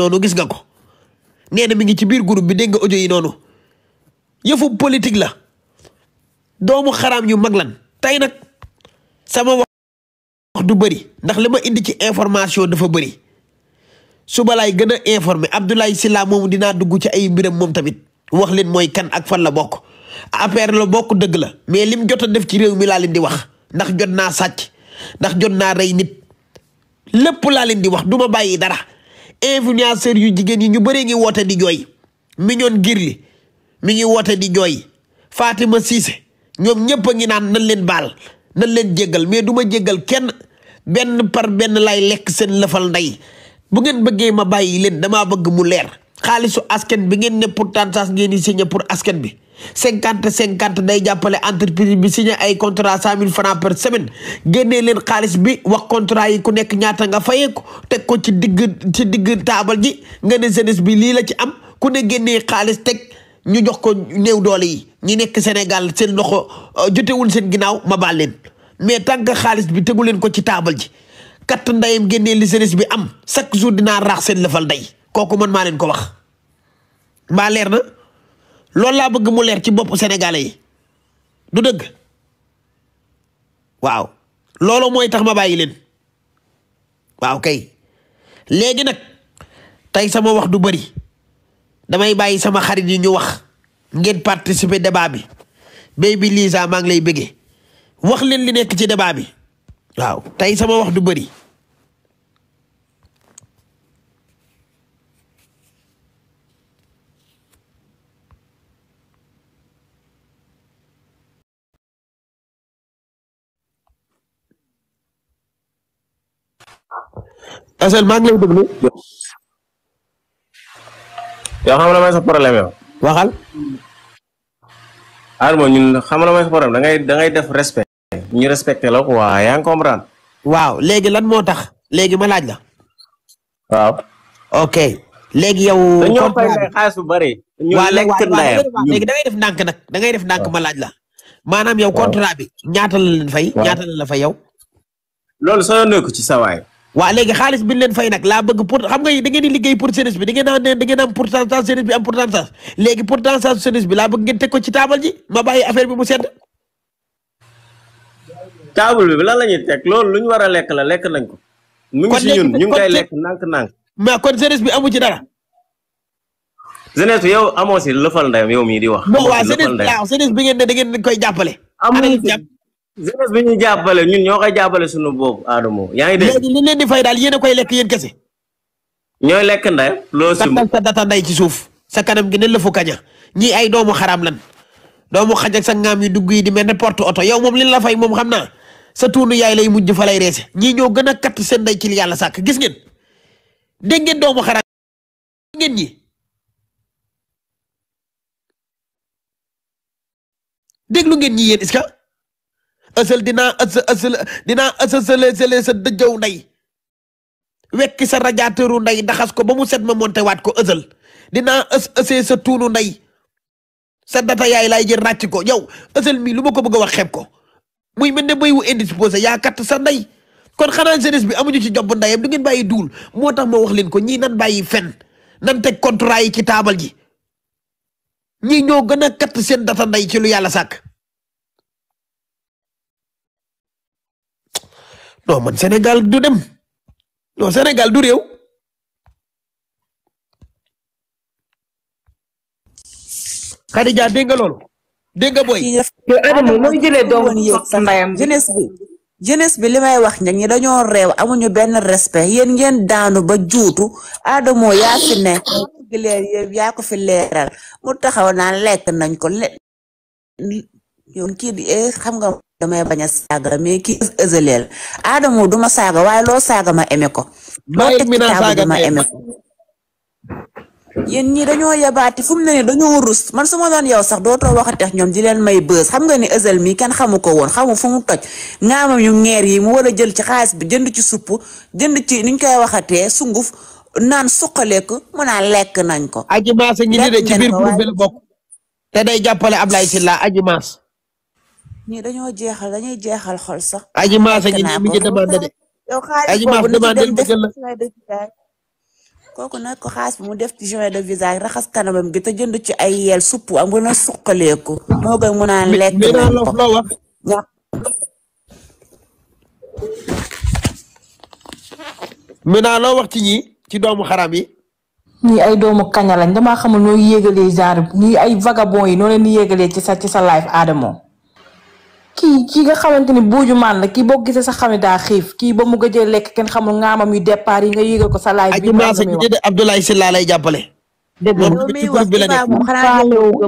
noonu gis nga ko nee mi ngi ci biir groupe bi dégg nga audio yi noonu yëfu politique la doomu xaraam yu mag lan tey nag sama wax du bëri ndax li ma indi ci information dafa bëri suba laay gën a informé Abdoulaye Sylla moomu dinaa dugg ci ay mbiram moom tamit wax leen mooy kan ak fan la bokk affaire la bokk dëgg la mais lim jot a def ci réew mi laa leen di wax ndax jot naa sàcc ndax jot naa rey nit lépp laa leen di wax du ma bàyyi dara influenceur yu jigéen yi ñu bëri ngi woote di jooy Mignone Girly mi ngi woote di jooy Fatima Cissé ñoom ñëpp a ngi naan nan leen baal nan leen jéggal mais du ma jéggal kenn benn par benn lay lekk seen lëfal ndey bu ngeen bëggee ma bàyyi leen damaa bëgg mu leer xaalisu askan bi ngeen ne pour tantas ngeen di signé pour askan bi cinquante cinquante day jàppale entreprise bi signé ay contrat cent mille francs par semaine génnee leen xaalis bi wax contrat yi ku nekk ñaata nga fayee fayeeku teg ko ci digg ci digg taabal ji nga ne jeunesse bi lii la ci am ku ne génnee xaalis teg ñu jox ko néew doole yi ñi nekk Sénégal seen loxo euh, jotewul seen ginnaaw ma baal leen mais tant que xaalis bi tegu leen ko ci taabal ji kat ndayem génnee li jeunesse bi am chaque jour dinaa raax seen lëfal day kooku man maa leen ko wax mbaa leer na loolu laa bëgg mu leer ci bopp sénégalais yi du dëgg waaw loolu mooy tax ma bàyyi leen waaw kay léegi nag tey sama wax du bëri damay bàyyi sama xarit yi ñu wax ngeen participer débat bi Baby Liza maa ngi lay bëggee wax leen li nekk ci débat bi waaw tey sama wax du bëri Asel maa ngi lay déglu. yow xam la may sa problème yow. waxal. Adama ñun xam la may sa problème da ngay da ngay def respect. ñu respecté la quoi yaa ngi comprendre. waaw léegi lan moo tax léegi ma laaj la. waaw. ok léegi yow. dañoo fay xaalis bu bëri. ñu lekk def ndànk nag def ndànk ma laaj la. maanaam yow contrat bi ñaata la leen la la fay yow. loolu soo nekk ci sa waa léegi xaalis bi leen fay nag laa bëgg pour xam nga da ngeen di liggéey pour service bi da ngeen naan da ngeen am pourcentage service bi am pourcentage léegi pourcentage service bi bëgg ngeen teg ko ci taabal ji ma bàyyi affaire bi mu sedd. taabal bi lan la ñuy teg loolu lu ñu war a lekk la lekk nañ ko. mu ngi si ñun ñu ngi koy lekk nànk-nànk. mais kon service bi amu ci dara. jeunesse bi yow amoo si lëfal ndeyam yow mii di wax. amoo si lëfal ndeyam non waa jeunesse bi ngeen ne da ngeen koy jàppale. amuñu jeunesse bi ñu jàppale ñun ñoo koy jàppale suñu boobu Adamo yaa ngi dégg léegi leen di fay daal yéen a koy lekk yéen kese ñooy lekk ndey loo si sa data nday ci suuf sa kanam gi ne la fu kaña ñii ay doomu xaraam lan doomu xaj sa ngaam yu dugg yi di mel ne porte oto yow moom li la fay moom xam na sa tuunu yaay lay mujj fa lay reese ñii ñoo gën a katt seen nday ci li yàlla sàkk gis ngeen dégg ngeen doomu xaraam ngeen ñi déglu ngeen ñi yéen est dina dinaa ësa ësal dinaa ësasalsale sa dëjëw nday wekki sa radiateuru nday daxas ko ba mu set ma monté waat ko ësal dina ës ësee sa tuunu ndey sa data yaay laay jël ràcc ko yow ësal mii lu ma ko bëgg wax xeeb ko muy mel ne béy wu indisposé yaa katt sa ndey kon xanaa jeunesse bi amuñu ci job ndayam du ngeen bàyyi duul moo tax ma wax leen ko ñii nan bàyyi fen nan teg contrat yi ci taabal ji ñi ñoo gën a katt seen data ndey ci lu yàlla sàkk non man Sénégal du dem non Sénégal du réew. Khadija dégg nga loolu dégg nga booy. yow Adama bi limay bi li may wax ñi dañoo réew amuñu benn respect yéen ngeen daanu ba juutu Adama yaa fi ne yaa ko fi leeral mu taxaw naan lekk nañ ko yoon kii di eh, xam nga damay bañ a saaga mais ki ëzëleel adama duma saaga waaye loo saaga ma eme ko. loo teg ci taabu ma eme ñii dañoo yabaati fu mu ne nii dañoo rus man su ma doon yow sax dootoo waxati ak ñoom di leen may bës xam nga ni ëzël mii kenn xamu ko woon xamu fu mu toj ngaamam yu ngeer yi mu war jël ci xaalis bi jënd ci supp jënd ci niñ koy waxatee sunguf naan suqaleeku mu naan lekk nañ ko. aji maas a ngi nii de ci biir groupe bi la bokk te day jàppale Ablaye Sylla aji maas ñii dañoo jeexal dañuy jeexal xol sax. aji maasa ñi mi ngi demandé de. yow xaalis de visage. kooku nag ko xaalis bi mu def ci soin de visage raxas kanamam gi te jënd ci ay yel am a suqaleeku. moo gën mu naan lekk naan ko ñàkk. maintenant loo wax ci ñi ci doomu xaram yi. ñii ay doomu kaña lañ damaa xamul noo yégalee genre ñii ay vagabond yi noo leen di yégalee ci sa ci sa life Adamo. kii kii nga xamante ni buuju maan la kii boo gisee sax xam daa xiif kii ba mu gëjee lekk kenn xamul ngaamam yu départ yi nga yëgal ko sa laay bi Abdoulaye lay jàppale dégg nga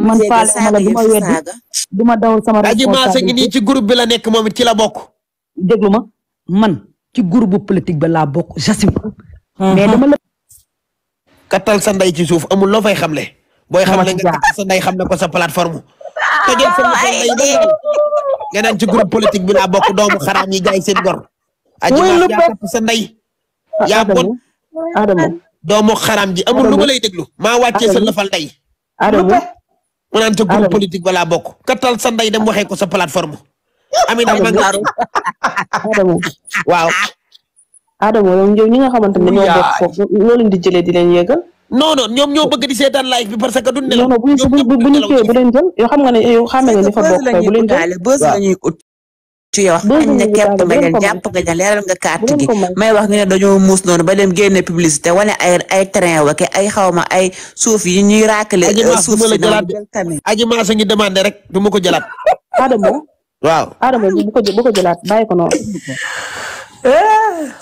man faale ma la du ma weddi ma dawal sama aji maasa ngi ci groupe bi la nekk moom it ci la bokk déglu ma man ci groupe bu politique ba laa bokk j'assume mais dama la kattal sa ndey ci suuf amul loo fay xamle booy xamle nga kattal sa ndey xamle ko sa plateforme tëjal seen xel lay doon nga naan ci groupe politique bi laa bokk doomu xaraam yi jaay seen gor. a lu sa ndey. Ah, yaa bon Adama doomu xaraam ji amul lu ma lay déglu. ma wàccee sa lëfal ndey. Adama mu naan ci groupe politique balaa bokk. kattal sa ndey dem waxee ko sa plateforme. Amina Magaru Adama waaw. Adama ñoom ñi nga xamante ne ñoo bokk foofu loo leen di jëlee di leen yëgal. non non ñoom ñoo bëgg di seetaan live bi parce que duñ nelaw. non non bu ñu bu ñu téye bu leen jël yoo xam nga ne yow xam nga ne dafa leen jël waaw. ci wax añ na kepp nga leen wax nga ne dañoo muus noonu ba dem génne publicité wane ay ay train wake ay xawma ay suuf yi ñuy raakale euh, aji maas a ngi demandé rek du ma ko jëlaat Adamo waaw Adamo bu ko bu ko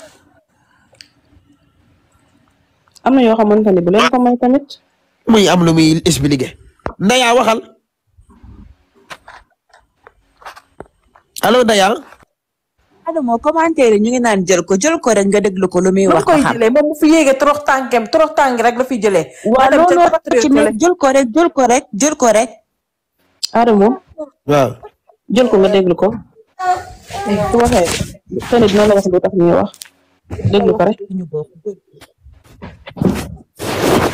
am na yoo xamante ne bu leen ko may tamit. muy am lu muy expliqué. Ndaya waxal allo Ndaya. allo moo commentaire ñu ngi naan jël ko jël ko rek nga déglu ko lu muy wax. ko jëlee moom fi yéegee trop tànkeem trop tànk rek la fi jëlee. waaw looloo jël ko rek jël ko rek jël ko rek. Adamo. waaw ko nga déglu ko. su waxee. dina la wax lu tax ñuy wax déglu ko rek.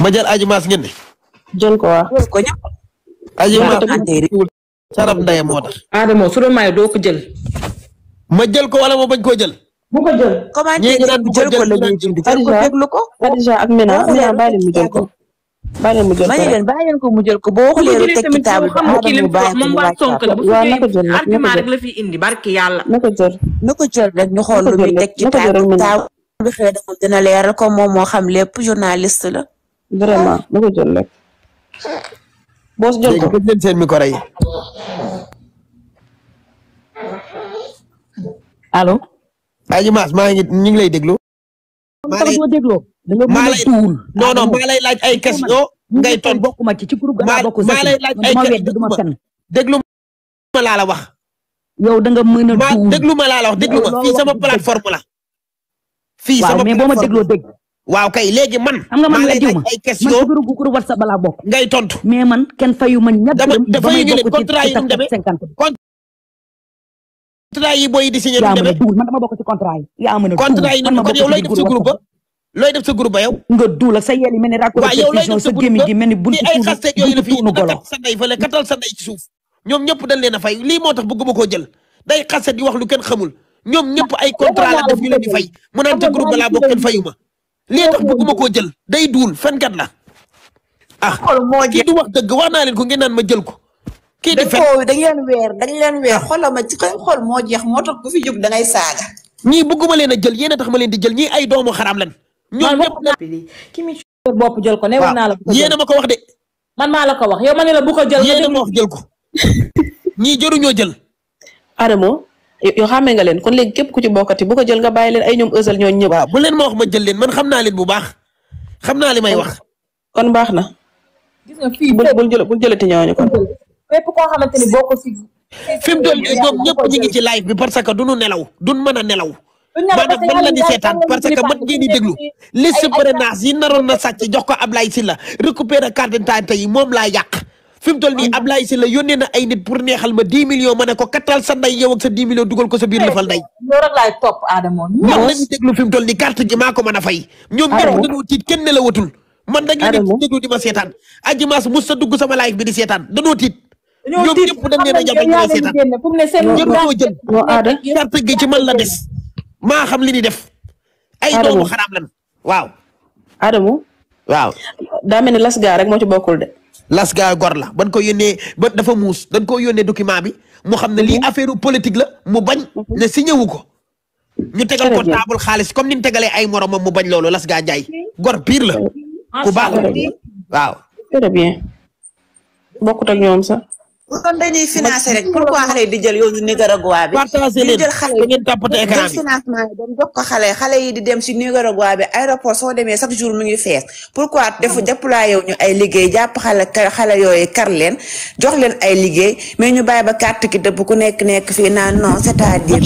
ma jël aji maas ngeen ne. jël ko waaw. ko ñëpp. aji maas sarab ndaye moo tax. Adama su doon maay doo ko jël. ma jël ko wala ma bañ koo jël. bu ko jël. ñii ñu naan bu ko jël ñu naan jël ko déglu ko. Khadija ak Mina Mina bàyyi mu jël ko. mu jël ko rek bàyyi leen ko boo waxulee rek teg ci table bi Adama mu bàyyi ko mu wàcc waaw na ko jël na ko jël na ko jël rek ñu xool lu teg ci table bi xëy na moom dina leeral comme moom moo xam lépp journaliste la. vraiment na ko jël rek. boo si jël ko léegi jël maa ngi ñu ngi lay déglu. maa lay déglu maa lay non lay laaj ay question ngay ton bokkuma ci ci groupe maa maa lay laaj ay question déglu ma laa la wax. yow da nga mën a déglu ma sama plateforme la. fii sama mais boo ma dégloo dégg. waaw kay léegi man. xam nga man weddiw ma ay question man ci balaa bokk. ngay tontu mais man kenn fayu ma ñett. dama dafa yëg leen contrat yi ñu demee contrat yi booy a dugal man dama a dugal contrat yi nag kon yow looy def sa groupe ba. looy def sa groupe ba yow. nga duul ak sa yéel yi mel sa groupe ba ni ay xaste katal sa ndey suuf ñoom ñëpp dañ leen fay lii moo tax bëgguma koo jël day xaste di wax lu kenn xamul ñoom ñëpp ay contrat def ñu leen di fay mu naan ca groupe balaa bokk kenn fayuma lii tax bëgguma koo jël day duul fenkat la ah kii du wax dëgg wax naa leen ko ngeen naan ma jël ko. kii di fen dañ leen weer dañ leen weer xoolal ma ci xool moo jeex moo tax fi jóg da ngay saaga. ñii bëgguma leen a jël yéen a tax ma leen di jël ñii ay doomu xaram lan ñoom ñëpp na ki mi bopp jël ko ne woon naa la ko ma ko wax de. man maa la ko wax yow ma ne la bu ko jël. yéen a ma wax jël ko ñii jëruñoo jël. Adamo yoo xàmmee nga leen kon léegi képp ku ci bokkati bu ko jël nga bàyyi leen ay ñoom ësal ñooñu ñëpp. waaw bu leen ma wax ma jël leen man xam naa leen bu baax xam naa li may wax. kon baax na. gis nga fii bul bul jël bul jëlati ñooñu kon. képp koo xamante ni boo ko si. fi mu toll nii ñoom ñëpp ñu ngi ci live bi parce que duñu nelaw duñu mën a nelaw. maanaam man la di seetaan parce que man ngeen di déglu liste parrainage yi naroon na sàcc jox ko Ablaye la récupérer carte d'identité yi moom laa yàq fi mu toll nii Ablaye si la yónnee na ay nit pour neexal ma 10 millions ma ne ko kattal sa nday yow ak sa 10 millions dugal ko sa biir lëfal nday. loolu rek laay topp Adama. ñoom nañu déglu fi mu toll nii carte gi maa ko mën a fay. ñoom ñëpp dañoo tiit kenn ne la watul. man dañu leen di déglu di ma seetaan. Adjimas mus sa dugg sama live bi di seetaan danoo tiit. ñoom ñëpp dañ leen a jàppale ñu seetaan ñoom ñoo jël carte gi ci man la des. maa xam li ni def. ay doomu xaraam lan waaw. Adamo waaw. daa mel ni las gaa rek moo ci bokkul de las gaa gor la ban ko yónnee ba dafa muus dañ ko yónnee document bi mu xam ne lii mhm. affaire politique la mu bañ mhm. ne signé wu ko ñu tegal ko taabul xaalis comme ni ñu tegalee ay moromam mu bañ loolu las gaa jaay gor pire la ku baax waaw très bien bokkut sax kon dañuy financé rek pourquoi xale yi di jël yoonu Nicaragua bi. partagé leen jël xale yi xale xale yi di dem si Nicaragua bi aéroport soo demee chaque jour mu ngi fees pourquoi dafa laa wu ñu ay liggéey jàpp xale xale yooyu kar leen jox leen ay liggéey mais ñu bàyyi ba carte ki dëpp ku nekk nekk fii naan non c'est-à-dire.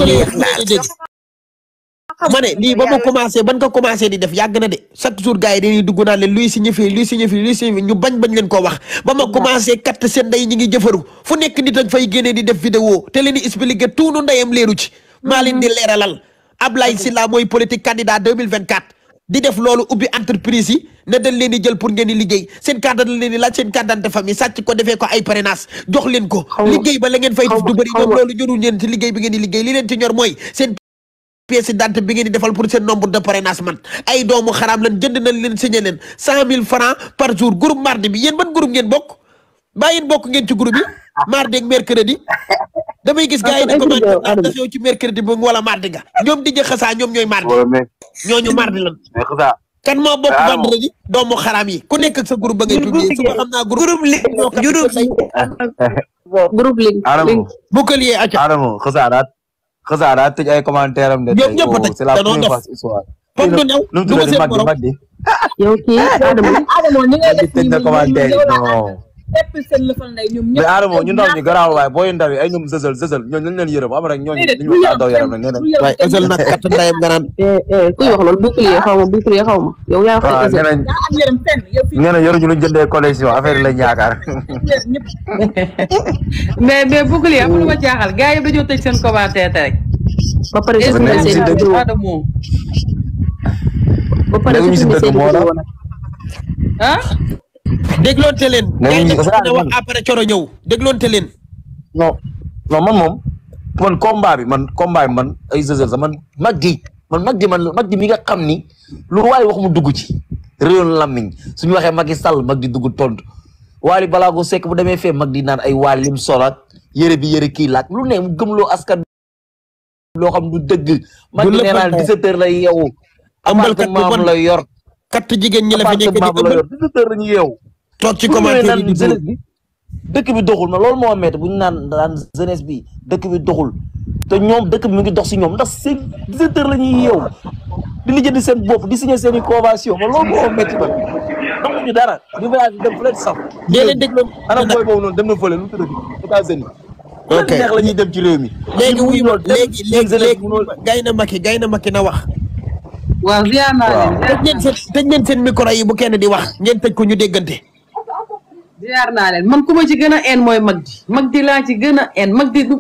ma ne lii ba ma commencé ban ko commencé di def yàgg de chaque jour gars yi dañuy dugg naan leen luy signifié luy signifié luy ñu bañ bañ leen ko wax ba ma commencé katt seen ndey ñi ngi jëfaru fu nekk di def vidéo te leen di expliqué tout nu ndeyam leeru ci maa leen di mm-hmm. leeralal Ablaye Sylla mooy politique candidat 2024 jël pour ngeen liggéey seen carte dañ leen di sàcc ko defee ko ay parrainage jox leen ko liggéey ba la fay def du bëri loolu ñorul leen liggéey bi ngeen liggéey li leen ci ñor mooy pièce d'identité bi ngeen di defal pour seen nombre de parrainage man ay doomu xaraam lan jënd nañ leen signé leen cent mille francs par jour groupe mardi bi yéen ban groupe ngeen bokk baa yéen bokk ngeen ci groupe yi mardi ak wala mardi nga ñoom di jë ñoom ñooy mardi ñooñu mardi lan kan moo bokk vendredi doomu xaraam yi ku nekk sa groupe ba ngay tuddee suba xam naa groupe link groupe link groupe link xasaar daa tëj ay commentaire am de. ñëpp ñëpp a tëj c'est la première fois ci histoire. comme du new lu mu tuddati Magdi Magdi. yow kii Adama ni ngay def nii nii teppil seen lëfal ndey ñoom ñi garaaw waay booy ndaw yi ay ñoom zëzël zëzël ñooñu lañ leen yërëm am rek ñooñu ñu wax daw yaram nag nee nañ waaye Ezel nag kat ndeyam nga naan eh, eh, kuy wax loolu bouclier xaw ma bouclier xaw ma yow yaa wax Ezel nee na yoruñu luñ jëndee lañ yaakaar mais mais bouclier am lu ma jaaxal gars yi dañoo tëj seen commentaire rek ba pare Adamo ba pare si dëgg moo la ah dégloonte leen. nañu wax après coro ñëw dégloonte leen. non non man moom man combat bi man combat man ay zëzër sax man mag gi man mag gi man mag gi mi nga xam ni lu waaye wax mu dugg ci réewoon lammiñ suñu waxee mag yi sàll mag di dugg tontu waali bala ko sekk bu demee fee mag di naan ay waali lim solaat yëre bi yëre kii laak lu ne mu gëmloo askan loo xam du dëgg mag gi nee naa 17 heures lay yeewu appartement la yor katt jigéen ñi la fi nekk di ëmbal 17 heures la yeewu toog ci commentaire yi di dëkk bi doxul ma loolu moo metti bu ñu naan daan jeunesse bi dëkk bi doxul te ñoom dëkk bi mu ngi dox ci ñoom ndax seen 17 heures la ñuy yow di lijjanti seen bopp di signé seen i convention ma loolu moo metti ba donc ñu dara ñu voyage dem fële sax. dee leen déglu ana booy boobu noonu dem na fële lu mu tudd états ñuy dem ci réew mi. léegi wuyu ma léegi léegi léegi Gaynde Maki Gaynde Maki na wax. waaw vianna leen. tëj ngeen seen tëj ngeen seen micro bu kenn di wax ngeen tëj ko ñu déggante. ziar naa leen man ku ma ci gën a en mooy Magdi di laa ci gën a en Magdi du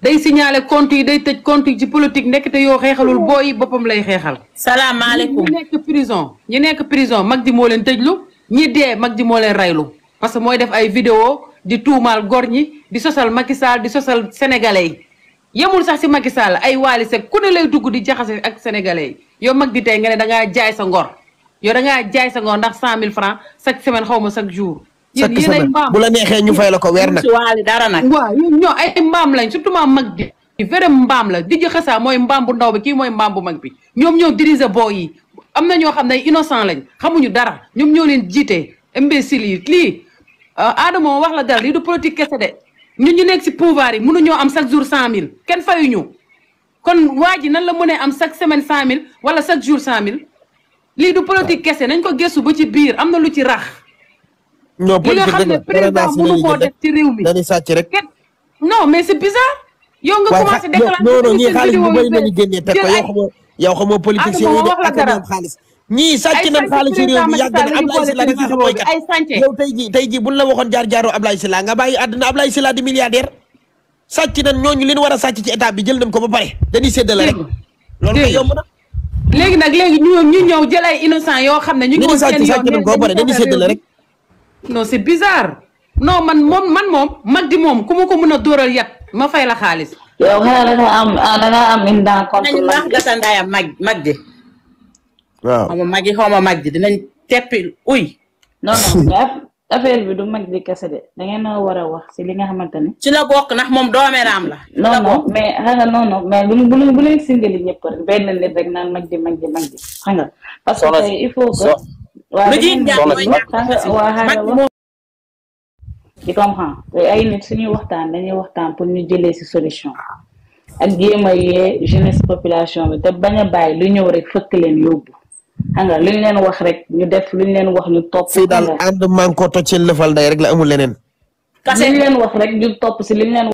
day signaler compte yi day tëj compte yi ci politique ndekete yoo xeexalul mm. yi boppam lay xeexal. salaamaaleykum ñi nekk prison ñi nekk prison di moo leen tëjlu ñi dee Magdi moo leen raylu parce que mooy def ay vidéo di tuumaal gor ñi di sosal Macky Sall di sosal sénégalais yi yemul sax si Macky Sall ay waali se ku ne lay dugg di jaxase ak sénégalais yi mag Magdi tey nga ne da ngaa jaay sa ngor yow da jaay sa ngor ndax 100000 francs chaque semaine xaw ma chaque jour. yéen yéen ay bu la neexee ñu fay la ko weer nag. dara nag waaw ñoo ay mbaam lañ surtout maa mag di. vrai mbaam la di xasaa mooy mbaam bu ndaw bi kii mooy mbaam bu mag bi ñoom ñoo diriger booy yi am na ñoo xam ne innocent lañ xamuñu dara ñoom ñoo leen jiite imbécile yi lii ah, Adama wax la dara lii du politique kese de ñun ñu nekk si pouvoir yi mënuñoo am chaque jour cent mille kenn fayuñu kon waa ji nan la mënee am chaque semaine cent mille wala chaque jour cent mille lii du politique kese nañ ko gëstu ba ci biir am na lu ci rax. ñoo li nga xam ci réew mi dañuy sàcc rek. non mais c'est bizarre. yow nga commencé déclenché non non xaalis mi yàgg na Ablaye Sylla da nga xam mooy kat yow jii tey la waxoon jaar jaaroo Ablaye nga bàyyi àdduna Ablaye Sylla di milliardaire. sàcc war a sàcc ci état bi jël nañ ko ba pare dañuy séddale rek. loolu kay yomb na. léegi nag léegi ñu ñëw jël ay innocent yoo xam ne ñu ngi woon seen yoon dañuy séddale rek non c'est bizarre non man moom man moom mag di moom ku ma ko mën a dóoral yat ma fay la xaalis. yow nga ne am ah, da nga am une dent contre mag di mag mag di. waaw xaw ma mag yi xaw ma mag di dinañ teppi uy. non non bi du mag di kese de da ngeen a war a wax si li nga xamante ne. ci la bokk ndax moom doomeeraam la. non non mais xam nga non non mais bu bu bu leen singali ñëpp rek benn nit rek naan mag di mag di mag di xam parce que il faut que. lu jiy ñaan mooy ñaan di comprend ay nit suñuy waxtaan dañuy waxtaan pour ñu jëlee si solution ak jéem a jeunesse population bi te bañ a bàyyi lu ñëw rek fëkk leen yóbbu xam nga luñ leen wax rek ñu def luñ leen wax ñu topp. si dal ànd maa ngi ko lëfal day rek la amul leneen. kase luñ leen wax rek ñu topp si liñ leen.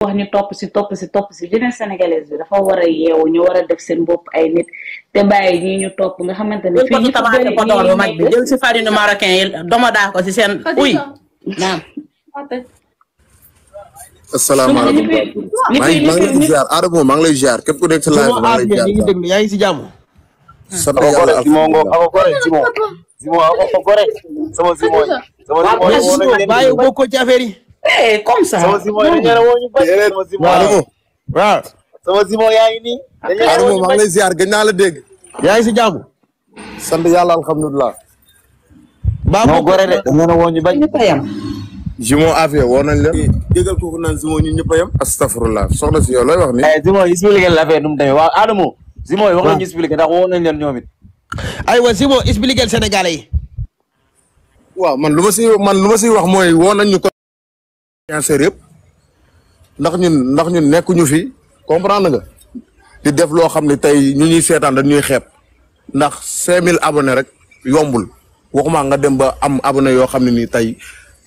wax ni topp si topp si topp si jeunesse sénégalaise bi dafa war a yeewu ñu war a def seen bopp ay nit te bàyyi ñii ñu topp nga xamante ne fii ñu tamaate potoor bu mag bi ko si seen uy naam asalaamaaleykum maa ngi lay ziar Adamo maa ngi lay ziar képp ku nekk si live maa ngi lay ziar yaa ngi si jàmm sant ak Simon Ngom ako gore Simon Simon ako gore sama Simon sama Simon bàyyi eh comme ça. sama Simon yi dañu woo waaw waaw. sama Simon yaa ngi nii. dañu woo ñu bëri Adama naa la dégg. yaa ngi si jàmm. sant yàlla alhamdulilah. baabu moo gore de dañu woo ñu bëri. Jumon Afia woo nañ leen. Eh, déggal kooku naan a yem. astafurlah soxna si yow ni eh, Jumon waaw Adama. Jumon wax ñu ah. expliqué ndax woo nañ leen ñoom it. aywa waaw man lu si wax mooy woo ñu ko influenceurs yëpp ndax ñun ndax ñun nekkuñu fi comprendre nga di def loo xam ne tey ñu ñuy seetaan da ñuy xeeb ndax mille abonnés rek yombul waxuma nga dem ba am abonnés yoo xam ne nii tey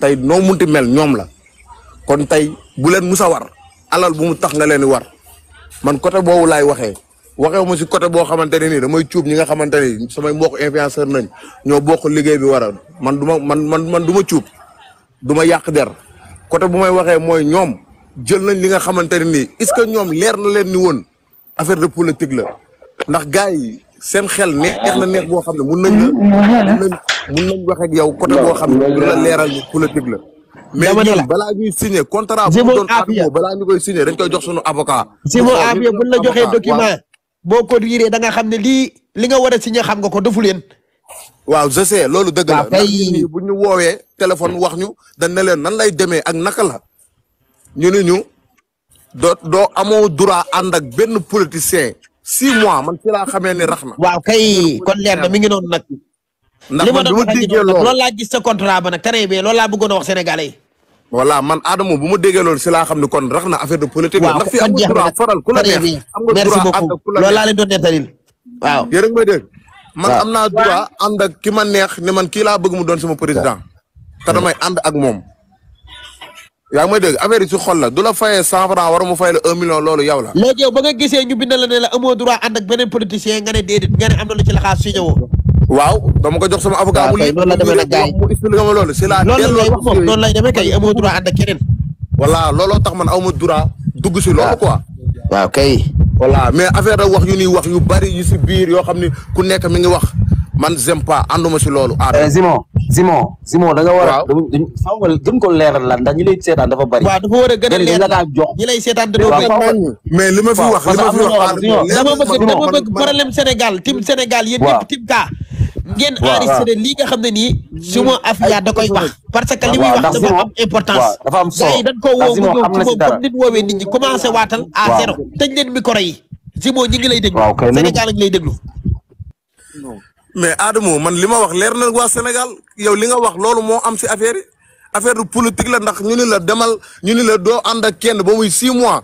tey noo munti mel ñoom la kon tey bu leen musa war alal bu mu tax nga leen di war man côté boobu laay waxee waxe ma si côté boo xamante ne nii damay cuub ñi nga xamante ni samay mbokk influenceur nañ ñoo bokk liggéey bi wara man du man man man du ma cuub du ma yàq der côté bu may waxee mooy ñoom jël nañ li nga xamante ne nii est-ce que ñoom leer na leen ni woon affaire de politique la ndax gars yi seen xel neex na neex boo xam ne mun nañ la mun nañ wax ak yow côté boo xam ne du la leeral ni politique la. mais ñun balaa ñuy signé contrat bu doon Adamo balaa ñu koy signé dañ koy jox suñu avocat. Zimo Afia buñ la joxee document boo ko liiree da xam ne lii li nga war a xam nga ko defu leen. waaw je sais loolu dëgg la bu ñu woowee téléphone wax ñu da ne leen nan lay demee ak naka la ñu ne ñu doo doo amoo droit ànd ak benn politicien six mois man ci laa xamee ni rax na. waaw kay kon leer na mi ngi noonu nag. ndax man bi ma déggee loolu loolu laa gis sa contrat ba nag terrain bi loolu laa bëggoon a wax sénégalais yi. voilà man Adamo bu ma déggee loolu si laa xam ne kon rax na affaire de politique. waaw ndax fi am nga droit faral ku la neex am nga droit ànd ak ku la neex merci beaucoup loolu laa leen waaw. man am naa droit ànd ak ki ma neex ne man kii laa bëgg mu doon sama président. te hmm. damay ànd ak moom. yaa ngi may dégg affaire yi si xol la du la cent franc war mu fay la un million loolu yow la. léegi yow ba nga gisee ñu bindal la ne la amoo droit ànd ak beneen politicien nga ne déedéet nga ne na lu ci la xaas si ñëwoo. waaw dama tax man aw ma droit dugg si loolu quoi. waaw kay. voilà mais affaire da wax yu ñuy wax yu bari yu si biir yoo xam ni ku nekk mi ngi wax man j'aime pas ma si loolu. Simon ah, eh, Simon Simon da nga war a. waaw gën ko leeral la ndax ñi lay seetaan dafa bari. waaw dafa war a gën a leeral ñi lay seetaan dafa bari. mais li ma fi wax li ma fi wax. dama bëgg dama bëgg problème Sénégal team Sénégal yéen ñëpp team ka ngeen enregistré lii nga xam ne nii Simon Afia koy wax parce que li muy wax dafa am importance dafa am dañ ko woo mu ñëw ci moom comme nit woowee nit ñi commencé waatal à zéro tëj leen micro yi Simon ñi ngi lay déglu Sénégal ngi lay déglu mais Adamo man li ma wax leer na waa Sénégal yow li nga wax loolu moo am si affaire yi affaire politique la ndax ñu ni la demal ñu ni la doo ànd ak kenn ba muy six mois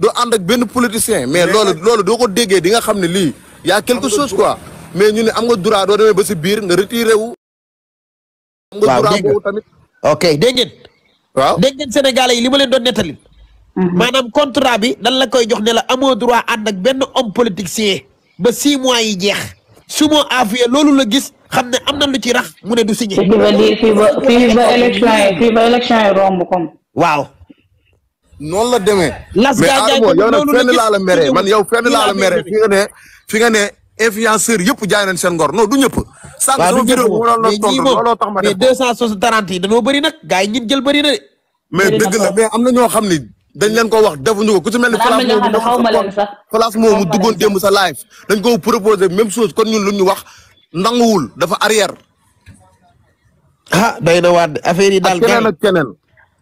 doo ànd ak benn politicien mais loolu loolu doo ko déggee di nga xam ne lii yaa a quelque chose mais ñu ne am nga droit doo demee ba si biir nga retiré wu. am nga droit boobu tamit. ok dégg ngeen. waaw yi li ma leen doon nettali. Mhm. maanaam contrat bi dan la koy jox ne la amoo droit ànd benn homme politicien ba six mois yi jeex su ma loolu la gis xam ne am na lu ci rax mu ne du signé. fii ba fii fii ba élection yi waaw. noonu la demee. las gaañ gaañ mais yow nag fenn laa la meree man yow fenn laa la fi nga ne fi nga ne. influenceurs yëpp jaay nañ seen ngor non du ñëpp. sànq sama vidéo bi ma doon tontu looloo tax ma def mais deux cent soixante trente yi dañoo bëri nag gars yi ñin jël bëri de. mais dëgg la mais am na ñoo xam ni dañ leen ko wax defuñu ko ku ci mel ni. xalaat ma ne xaw ma leen sax moomu duggoon démb sa live dañ ko proposé même chose kon ñun lu ñu wax nanguwul dafa arrière. ah day na waat affaire yi daal keneen ak keneen.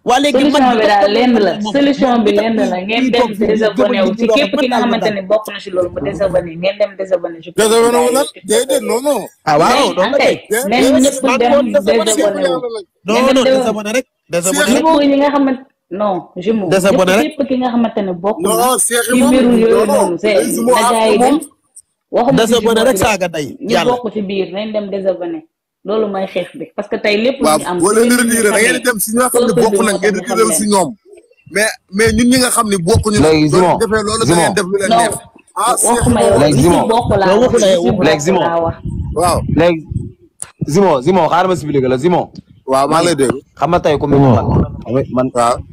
waa léegi solution bi daal la solution bi lenn ngeen dem désabonné wu ci ki nga xamante ne bokk na ci loolu mu désabonné dem désabonné ci. désabonné wu nag déedéet non non. ah waaw donc même ñëpp dem désabonné wu. non rek. désabonné rek ñi nga xamante non jumeau. désabonné rek képp ki nga xamante ne bokk na ci mbiru yooyu noonu c'est na gars yi dem. waxuma désabonné rek saaga day yàlla ñu bokk ci biir loolu mooy xeex bi parce que tey lépp. lu ñu am wala da ngeen di dem si xam ne bokk nañ ngeen mais mais ñun nga xam ne bokk ñu. léegi simon Zimon def lu a neex. ah waxuma yow léegi Zimon léegi Zimon waaw la Zimon. waaw maa ngi lay dégg. xam nga tey ku mel ni man. man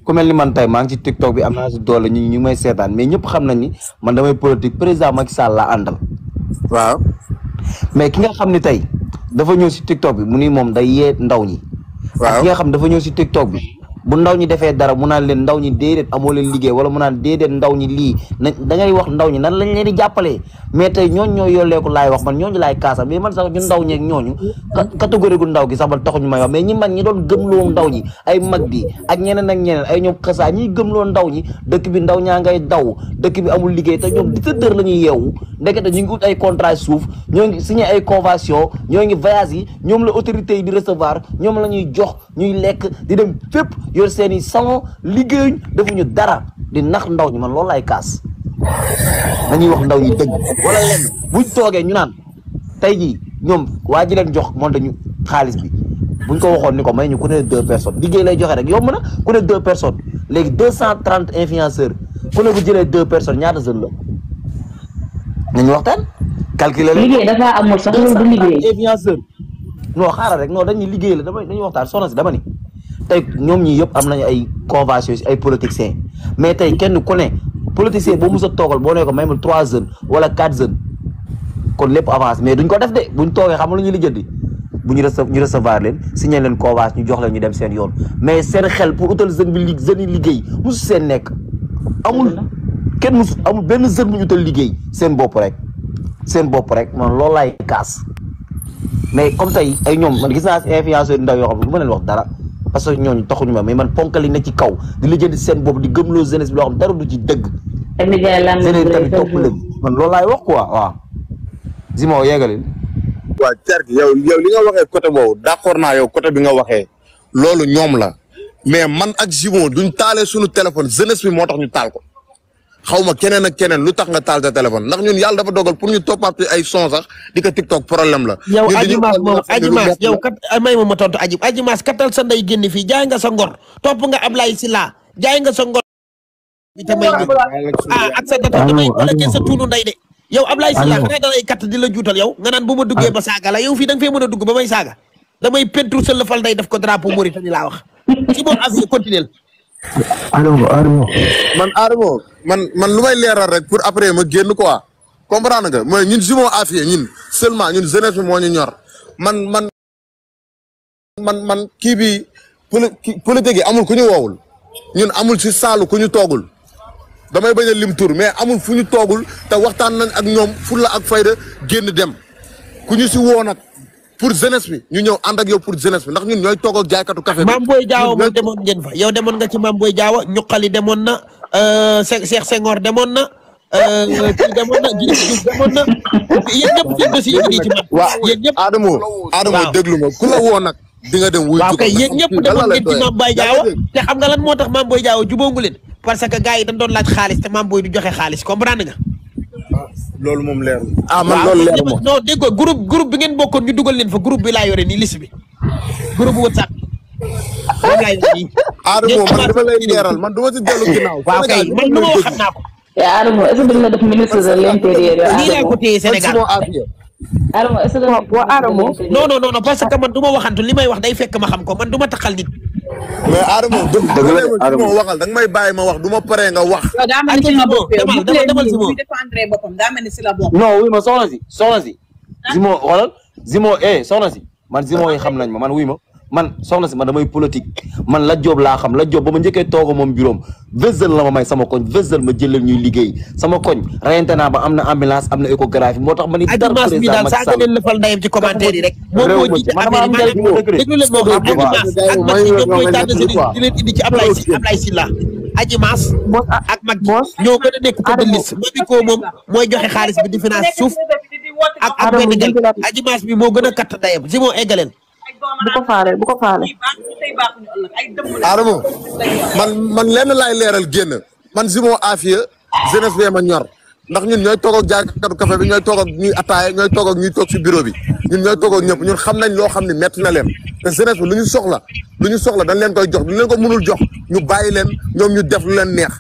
ku mel ni man maa ngi ci TikTok bi am naa si doole ñu ñu may seetaan mais ñëpp xam nañ ni man damay politique président Macky Sall laa àndal. waaw mais ki nga xam ni tey dafa ñëw si TikTok bi mu ni moom day yee ndaw ñi. waaw ki nga xam dafa ñëw si TikTok bi. bu ndaw ñi defee dara mu naan leen ndaw ñi déedéet amoo leen liggéey wala mu naan déedéet ndaw ñi lii na da ngay wax ndaw ñi nan lañ leen di jàppalee mais tey ñooñu ñoo yolleeku laay wax man ñooñu laay kaasa mais man sax ñu ndaw ñeeg ñooñu catégorie gu ndaw gi sax man taxuñu may wax mais ñi mag ñi doon gëmloo ndaw ñi ay mag bi ak ñeneen ak ñeneen ay ñoom xasaa ñiy gëmloo ndaw ñi dëkk bi ndaw ñaa ngay daw dëkk bi amul liggéey te ñoom dix-sept heures la ñuy yeewu ndekete ñu ngi ut ay contrat suuf ñoo ngi signé ay convention ñoo ngi voyage yi ñoom la autorité yi di recevoir ñoom la ñuy jox ñuy lekk di dem fépp yor seen i salon liggéeyuñ defuñu dara di nax ndaw ñi man loolu laay kaas nañuy wax ndaw yi dëgg buñ toogee ñu naan tey jii ñoom waa ji leen jox moom dañu xaalis bi buñ ko waxoon ni ko may ñu ku ne deux personnes liggéey lay joxe rek yomb na ku ne deux personnes léegi deux cent trente influenceurs ku ne bu jëlee deux personnes ñaata jeune la nañu waxtaan calculer la liggéey dafa amul sax loolu du liggéey influenceur non xaaral rek non dañuy liggéey la dama dañuy waxtaan soxna si dama ni tey ñoom ñi yëpp am nañu ay convention ay politiciens mais tey kenn ku ne politicien boo mos a toogal boo nee ko may ma trois jeunes wala quatre jeunes kon lépp avance mais duñ ko def de buñ toogee xam lu ñuy lijjanti bu ñu recev ñu recevoir leen signé leen convention ñu jox leen ñu dem seen yoon mais seen xel pour utal jeune bi jeune yi liggéey mosu seen nekk amul kenn mosu amul benn jeune bu ñu utal liggéey seen bopp rek seen bopp rek man loolu laay kaas mais comme tey ay ñoom man gis naa influenceurs yu ndaw yoo xam ne du ma leen wax dara parce que ñooñu taxuñu ma mais man ponkali na ci kaw di lijjanti seen bopp di gëmloo jeunesse bi loo xam dara du ci dëgg. man loolu laay wax ko waaw. Zimao yeegalil. waaw Thierno yow li nga waxee côté boobu d'accord naa yow côté bi nga waxee loolu ñoom la mais man ak Zimao duñ taalee suñu téléphone jeunesse bi moo tax ñu taal ko. xaw ma keneen ak keneen lu tax nga taal sa téléphone ndax yàlla dafa dogal pour ñu toppaat ay son sax di ko TikTok problème la. yow Adji Mass moom ma ma tontu Adji Adji katal sa ndey génn fii jaay nga sa ngor topp nga Ablaye Sylla jaay nga sa ngor. bi te may ah ak sa data damay bloqué sa tuunu ndey de. yow Ablaye Sylla xanaa dalay kat di la juutal yow nga naan bu ma duggee ba saaga la yow fii da fee mën a dugg ba may saaga damay pentu sa lëfal ndey def ko drapeau Mauritanie laa la si moom as continuer allo Adamo. man Adamo man man lu may leeral rek pour après ma génn quoi comprendre nga mooy ñun jumeau affie ñun seulement ñun jeunesse moo ñu ñor man man man man kii bi politique yi amul ku ñu woowul ñun amul si saalu ku ñu toogul damay bañ a lim tur mais amul fu ñu toogul te waxtaan nañ ak ñoom fu la ak fayda génn dem ku ñu si woo nag pour jeunesse bi ñu ñëw ànd ak yow pour jeunesse bi ndax ñun ñooy toog ak jaaykatu café maam booy jaawa moom demoon ngeen fa yow demoon nga ci maam booy jaawa ñuqali demoon na euh, Cheikh Senghor demoon na euh, kii demoon na kii demoon na yéen ñëpp seen dossier yi ci man. waaw yéen ñëpp ma ku la woo nag di nga dem wuy waaw kay yéen ñëpp demoon ngeen ci maam booy jaawa te xam nga lan moo tax maam booy jaawa jubóo ngu leen parce que gars yi dañ doon laaj xaalis te maam booy du joxe xaalis comprendre nga loolu moom leer ah man loolu leer moom non dégg ko groupe groupe bi ngeen bokkoon ñu dugal leen fa group bi laa yore nii liste bi groupe WhatsApp. Adamo man dama lay leeral man du ma ci dellu ginnaaw. waaw xam naa ko. Eh, Adamo est-ce que la def ministre de l'intérieur yow. nii laa ko téye Sénégal que. man du ma waxantu li may wax day fekk ma xam ko man du ma taxal nit. mais Adama dëgg la ma waxal da may bàyyi ma wax du ma paree nga wax. daa mel ni si la bopp yow demal si moom daa mel ni ma soxna si si. Ah. Zimo xoolal Zimo eh soxna si man Zimo yi xam nañ ma man wuy ma. man soxna si man damay politique man la job laa xam la job ba ma njëkkee toogo moom bureau am la ma may sama koñ vésel ma jëlal ñuy liggéey sama koñ reyante naa ba am na ambulance am na échographie moo tax ma ni dara président Macky Sall leen lafal ndayam ci commentaire yi rek moom moo jiite affaire yi mag ci Ablaye Si a nekk tëdd liste ma bi moom mooy joxe xaalis bi di finance suuf ak ak benn gel aji maas bi moo gën a katt ndayam si moo eggaleen bu ko faale bu ko faale. Adamo man man lenn laay leeral génn man Zimo Afia jeunesse bee ma ñor ndax ñun ñooy toog ak jaaykatu café bi ñooy toog ak ñuy ataaya ñooy toog ak ñuy toog si bureau bi ñun ñooy toog ak ñëpp xam nañ loo xam ne métti na leen te jeunesse bi lu ñu soxla lu ñu soxla dañ leen koy jox du leen ko mënul jox ñu bàyyi leen ñoom ñu def lu leen neex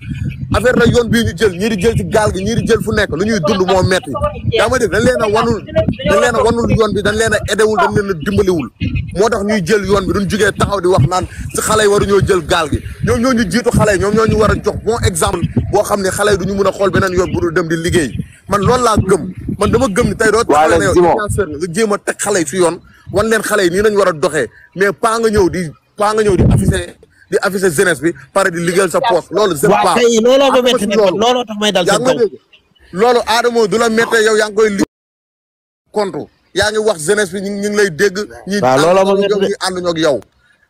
affaire nag yoon bii ñu jël ñiir di jël ci gaal gi ñii jël fu nekk lu ñuy dund moo métti yaa ma dégg dañ leen a wanul dañ leen a wanul yoon bi dañ leen a edewul dañ leen a dimbaliwul moo tax ñuy jël yoon bi duñ jugee taxaw di wax naan si xale yi waruñoo jël gaal gi ñoom ñoo ñu jiitu xale yi ñoom ñoo ñu war a jox bon exemple boo xam ne xale yi du mun a xool beneen yoon bu dul dem di liggéey man loolu laa gëm man dama gëm ni tey doo taxaw ne yow nga jéem a teg xale yi si yoon wan leen xale yi nii nañ war a doxee mais pas nga ñëw di pas nga ñëw di affiché di bi pare di liggéeyal sa poste loolu c'est pas looloo ma métti looloo tax may dal loolu aadamoo du la méttee yow yaa ngi koy li compte yaa ngi wax jeunesse bi ñu ngi lay dégg. ñi ànduñu ak yow.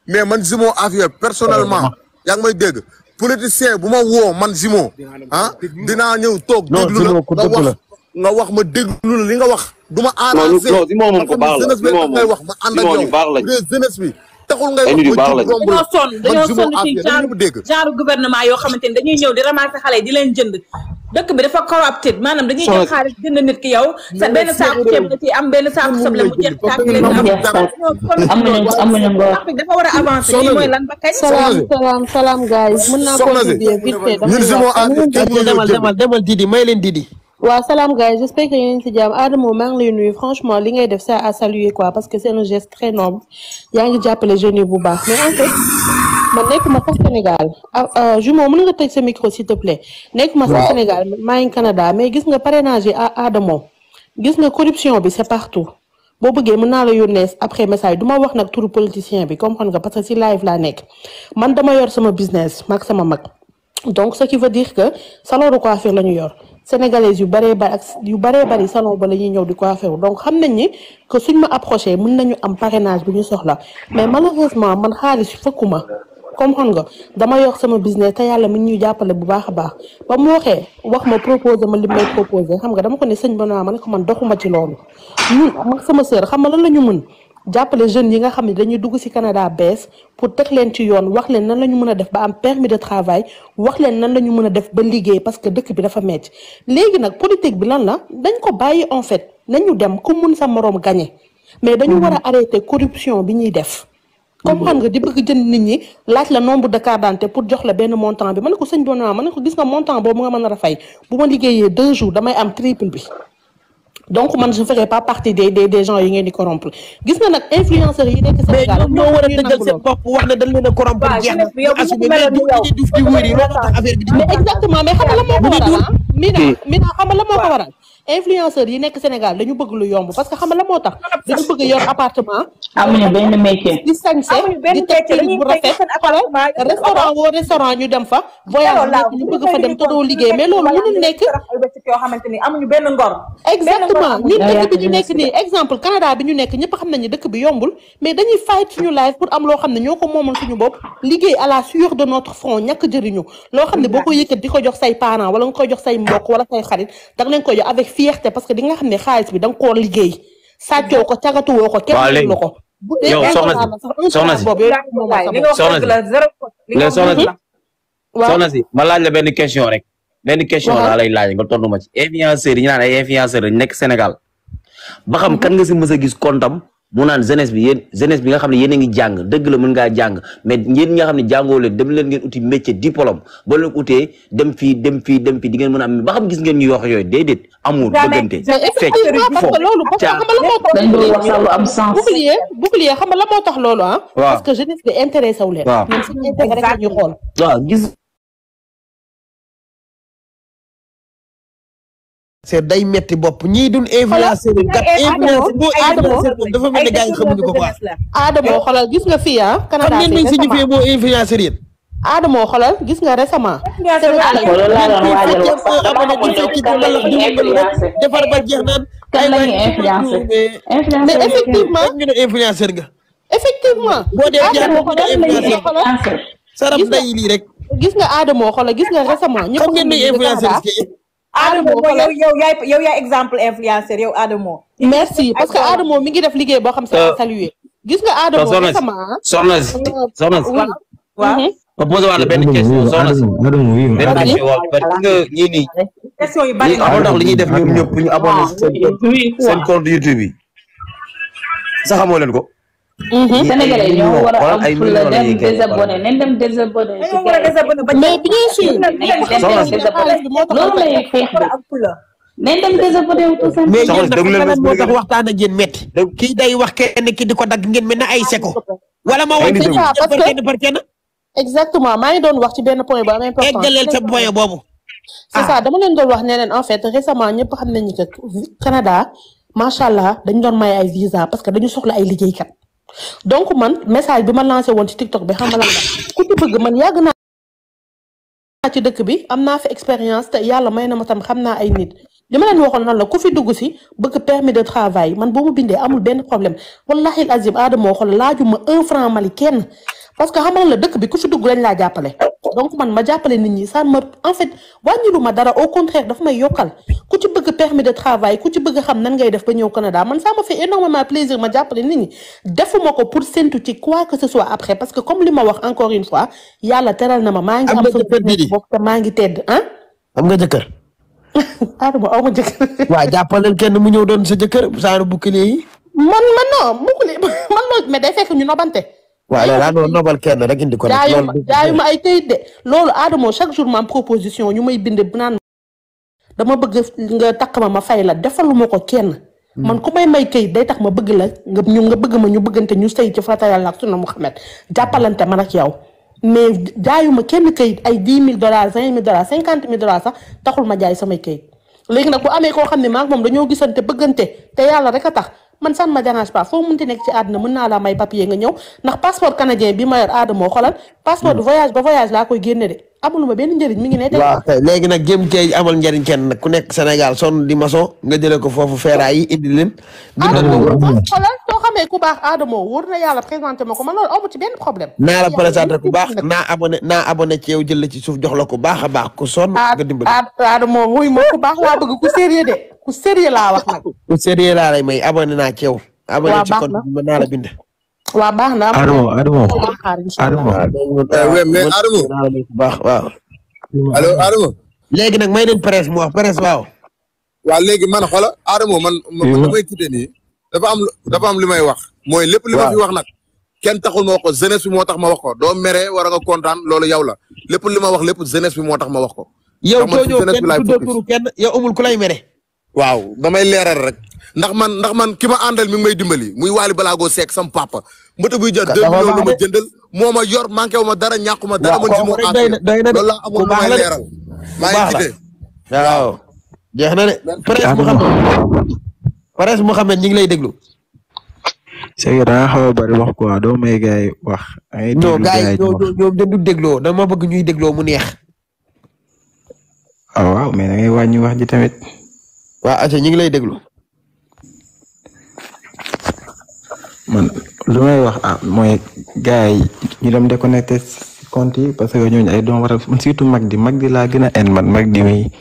mais man simo Afia personnellement. yaa ngi may dégg politicien bu ma woo man Zimo ah dinaa ñëw toog. déglu la nga wax nga wax ma déglu la li nga wax. du ma arrangé non non ko baax la Zimo moom wax ma ànd ak yow jeunesse bi. taxul ngay wax ba jub dañoo sonn ni dañuy ñëw di ramasser xale yi di leen jënd dëkk bi dafa corrupted maanaam dañuy jël xaalis jënd nit ki yow benn saaku ceeb nga am benn saaku soble mu jeex tàkk leen am nañu dafa war a avancer lii mooy lan ba kañ salaam salaam salaam guys mën naa ko vite ñun may leen Didi waaw salaam gars j'espère que yéen ci jàmm Adamo maa ngi lay nuyu franchement li ngay def ça à saluer quoi parce que c'est un geste très noble yaa ngi jàppale jeunes yi bu baax mais en fait man nekkuma sax Sénégal ah, ah jumeau mën nga tëj sa micro s'il te plaît. nekkuma sax Sénégal maa ngi Canada mais gis nga parrainage yi à Adamo gis nga corruption bi c'est partout. boo bëggee mën naa la yónnee après message du ma wax nag turu politicien bi comprendre nga parce que ci live laa nekk man dama yor sama business maag sama mag donc ce qui veut dire que salon de coiffure la ñu yor. sénégalaises yu baree bari ak yu baree bari salon ba la ñuy ñëw di coiffé wu donc xam nañ ni que suñ ma approché mën nañu am parrainage bi ñu soxla mais malheureusement man xaalis fëkkuma comme xam nga dama yor sama business te yàlla mi ñuy jàppale bu baax a baax ba mu waxee wax ma proposé ma li may proposé xam nga dama ko ne sëñ Benoît ma ne ko man doxuma ci loolu ñun ak sama sœur xam nga lan la ñu mën jàppale jeunes yi nga xam ne dañuy dugg ci Canada bees pour teg leen ci yoon wax leen nan la ñu mën a def ba am permis de travail wax leen nan la ñu mën a def ba liggéey parce que dëkk bi dafa metti léegi nag politique bi lan la dañ ko bàyyi en fait nañu dem ku mun sa moroom gagné mais dañu mm-hmm. war a arrêter corruption bi ñuy def comme mm-hmm. xam nga di bëgg jënd nit ñi laaj la nombre de carte d'identité pour jox la benn montant bi ma ne ko sëñ bi ma ne ko gis nga montant boobu nga mën a ma liggéeyee deux jours damay am bi donc man je ne ferai pas partie des des des gens yi ngeen di corrompre gis na nag influenceurs yi nekk Sénégal mais ñoom ñoo war a dëggal ne dañ leen a corrompre jeex na assumé mais du ñu duuf affaire bi di mais exactement mais xam la moo ko waral ah mi la moo ko influenceurs yi nekk Sénégal dañu bëgg lu yomb parce que xam nga la moo tax dañu bëgg yor appartement. amuñu benn métier. di sañse di teg kër bu rafet restaurant restaurant ñu dem fa. voyage ñu bëgg fa dem te doo liggéey mais loolu mënul nekk. benn ngor. exactement ñun ñu nekk nii exemple Canada bi ñu nekk ñëpp xam nañu dëkk bi yombul mais dañuy fight suñu life pour am loo xam ne ñoo ko moomal suñu bopp liggéey à la sueur de notre front ñàkk jëriñu loo xam ne boo ko yëkkat di ko jox say parents wala nga koy fierté parce que di nga xam ne xaalis bi da nga koo liggéey sàccoo ko cagatuwoo ko kenn déglu ko. yow soxna si soxna si soxna si si ma laaj la benn question rek. benn question laa lay laaj nga tontu ma ci. influenceurs yi ñu naan ay influenceurs nekk Sénégal ba xam mhm. kan nga si mës a gis kontam mu naan jeunesse bi yéen jeunesse bi nga xam ne yéen a jàng dëgg la mën ngaa jàng mais yéen nga xam ne jàngoo leen dem leen ngeen uti métier diplôme ba leen utee dem fii dem fii dem fii di ngeen mën a am ba xam gis ngeen ñu yox yooyu déedéet amul bëggante fekk foofu loolu loolu am sens bouclier bouclier xam nga la moo tax loolu ah parce que jeunesse bi intéressé wu leen ñoom seen intérêt ñu xool c'est day metti bopp ñii duñ influenceur kat influenceur boo influenceur boobu mel ni gars yi xamuñu ko quoi Adamo eh? xoolal gis nga fii ah Canada xam ngeen boo influenceur yéen Adamo xoolal gis nga récemment amana di fekki di lalax di wëngalu rek defar ba jeex naan kay eh. mais effectivement ñu ne influenceur nga effectivement boo dee jeex sarab day lii rek gis nga Adamo xoolal gis nga récemment ñëpp xam ngeen ni influenceur ah. Adamo yow yow yaay yow yaay exemple influenceur yow Adamo. merci parce que Adamo mi def liggéey boo xam sax euh, saluer gis nga Adamo récemment soxna si ah? soxna wa waaw mhm. ma posé benn question soxna si benn question waaw parce que bari amul ndax def ñoom ñëpp ñu abonné ah, seen seen compte YouTube sax xamoo leen ko Sénégalais yi ñoo war a am fula dem désabonné mais bien sûr. mais yéen nag kii day wax ko dagg ngeen mel ne ay seko. wala ma wax kenn par kenn par kenn. exactement maa ngi doon wax ci benn point bu am important. eggaleel boobu. c'est ça dama leen doon wax ne leen en fait récemment ñëpp xam nañu que Canada macha allah dañu doon may ay visa parce que dañu soxla ay liggéeykat. donc man message bi ma lancé woon ci TikTok bi xamal la ku ci bëgg man yàgg naa ci dëkk bi am naa fi expérience te yàlla may na ma tam xam naa ay nit li ma leen waxoon nan la ku fi dugg si bëgg permis de travail man boo ma bindee amul benn problème wallahi azim aadamoo xool laaju ma un franc mali kenn parce que xamal la dëkk bi ku fi dugg lañ laa jàppale donc man ma jàppale nit ñi ça ma en fait wàññilu ma dara au contraire dafa may yokkal ku ci bëgg permis de travail ku ci bëgg xam nan ngay def ba ñëw Canada man ça ma fait énormément plaisir ma jàppale nit ñi defuma ko pour séntu ci quoi que ce soit parce que comme li ma wax encore une fois yàlla teral na ma maa ngi am sa bopp te maa ngi tedd ah am nga jëkkër aadama aw ma jëkkër waaw jàppaleel kenn mu ñëw doon sa jëkkër saaru bukkile yi man man non bukkile man loolu mais day fekk ñu nobante waaw léegi daal noonu nobal kenn rek indi ko. loolu jaayu ma ay tey de loolu Adamo chaque jour ma am proposition ñu may bind naan dama bëgg nga takk ma ma fay la defaluma ko kenn. Hmm. man ku may may kayit day tax ma bëgg la nga ñu nga bëgg ma ñu bëggante ñu sëy ci farata yàlla ak sunna Muhammad jàppalante man ak yow mais jaayuma kenn kayit ay dix mille dollars vingt mille dollars cinquante mille dollars sax taxul ma jaay samay kayit léegi nag bu amee koo xam ne maa moom dañoo gisante bëggante te yàlla rek a tax man ça ne me dérange pas foo nekk ci àdduna mën naa laa may papier nga ñëw ndax passeport canadien bi ma yor aadamoo xolal passeport de hmm. voyage ba voyage laa koy génne de amuluma benn njëriñ mi ngi ne waaw kay léegi nag jëm cee amal njëriñ kenn nag ku nekk Sénégal sonn di maçon nga jëlee ko foofu feeraay yi indi leen. xamee ku baax Adamo wóor na yàlla présenté ma ko man loolu amu ci benn problème. naa la présenté ku naa abonné naa abonné ci yow jël ci suuf jox la ku baax a baax ku sonn. nga dimbali Adamo muy ma ku baax waa bëgg ku sérieux ku sérieux laa wax nag. laa lay may abonné naa ci yow. abonné ci kon mën naa la bind. waa baax na Adamo Adamo Adamo. Eh, mais Adamo. baax waaw. allo Adamo. léegi nag may leen presse mu wax presse waaw. waa léegi man xoolal Adamo man. man damay tuddee nii. dafa am dafa am li may wax. mooy lépp li ma fi wax nag. kenn taxul ma wax ko jeunesse bi moo tax ma wax ko doo mere war a nga kontaan loolu yow la lépp li ma wax lépp jeunesse bi moo tax ma wax ko. yow joojo kenn du turu kenn yow amul ku lay mere. waaw damay leeral rek. ndax man ndax man ki ma àndal mi may dimbali muy Waly Balago Seck sam papa. mbëtë buy jël deux millions lu ma jëndal moo ma yor manqué wu ma dara ñàkku ma dara. man si moo ànd loolu la may leeral. maa ngi na de. presque bu xam Fares Mouhamed ñu ngi lay déglu. c'est que daa bari wax quoi doo may gars yi wax. ay déglu yi ñoom dama bëgg ñuy dégloo mu neex. ah waaw mais da ngay wax ji tamit. waaw Aca ngi lay déglu. may wax ah yi ñu dem déconnecté si compte yi parce que ñooñu ay doom surtout mag di mag di laa gën a en man mag mi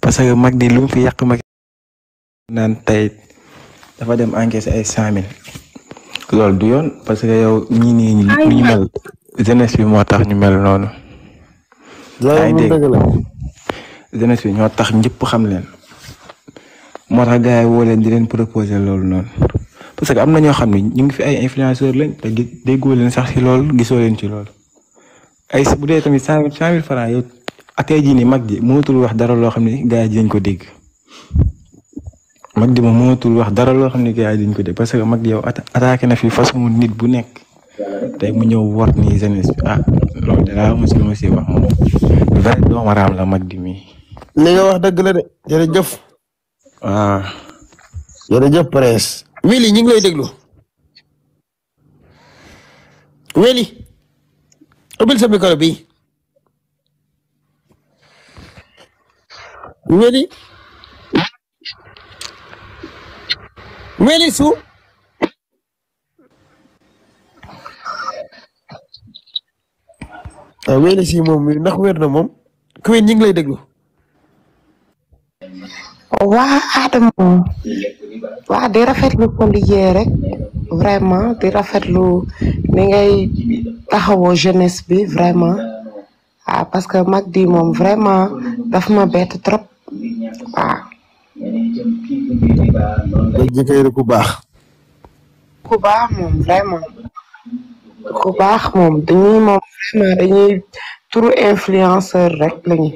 parce que mag di fi yàq mag naan tey. dafa dem encaissé ay cent mille loolu du yoon parce que yow ñii nii ñu mel jeunesse bi moo tax ñu mel noonu. yaa ngi dégg jeunesse ñoo tax ñëpp xam leen moo tax gars yi woo leen di leen proposer loolu noonu parce que am na ñoo xam ne ñu ngi fi ay influenceurs lañ te déggoo leen sax ci lool gisoo leen ci loolu ay bu dee tamit cent mille cent mille francs yow tey jii nii mag ji mënatul wax dara loo xam ne gaa yi dinañ ko dégg. mag di ma mënatul wax dara loo xam ne gars ko dégg parce que mag di yow attaqué na fi façon nit bu nekk tey mu ñëw war nii jeunesse bi ah loolu dara ma si ma si wax moom vrai raam la mag di mi. li nga wax dëgg la de jërëjëf. waaw. Ah. jërëjëf presse. Wéli ñu ngi lay déglu. Wéli. ubbil sa bi. Wéli. Welisu waaw ah, Welisu moom ndax wér na moom Queen ñi ngi lay déglu. waa Adama waa di rafetlu ko rek vraiment di rafetlu ni ngay taxawo jeunesse bi vraiment ah parce que mag di moom vraiment daf ma bett trop. jëkkër ku baax. ku baax moom vraiment ku baax moom dañuy moom vraiment dañuy turu influenceur rek lañu.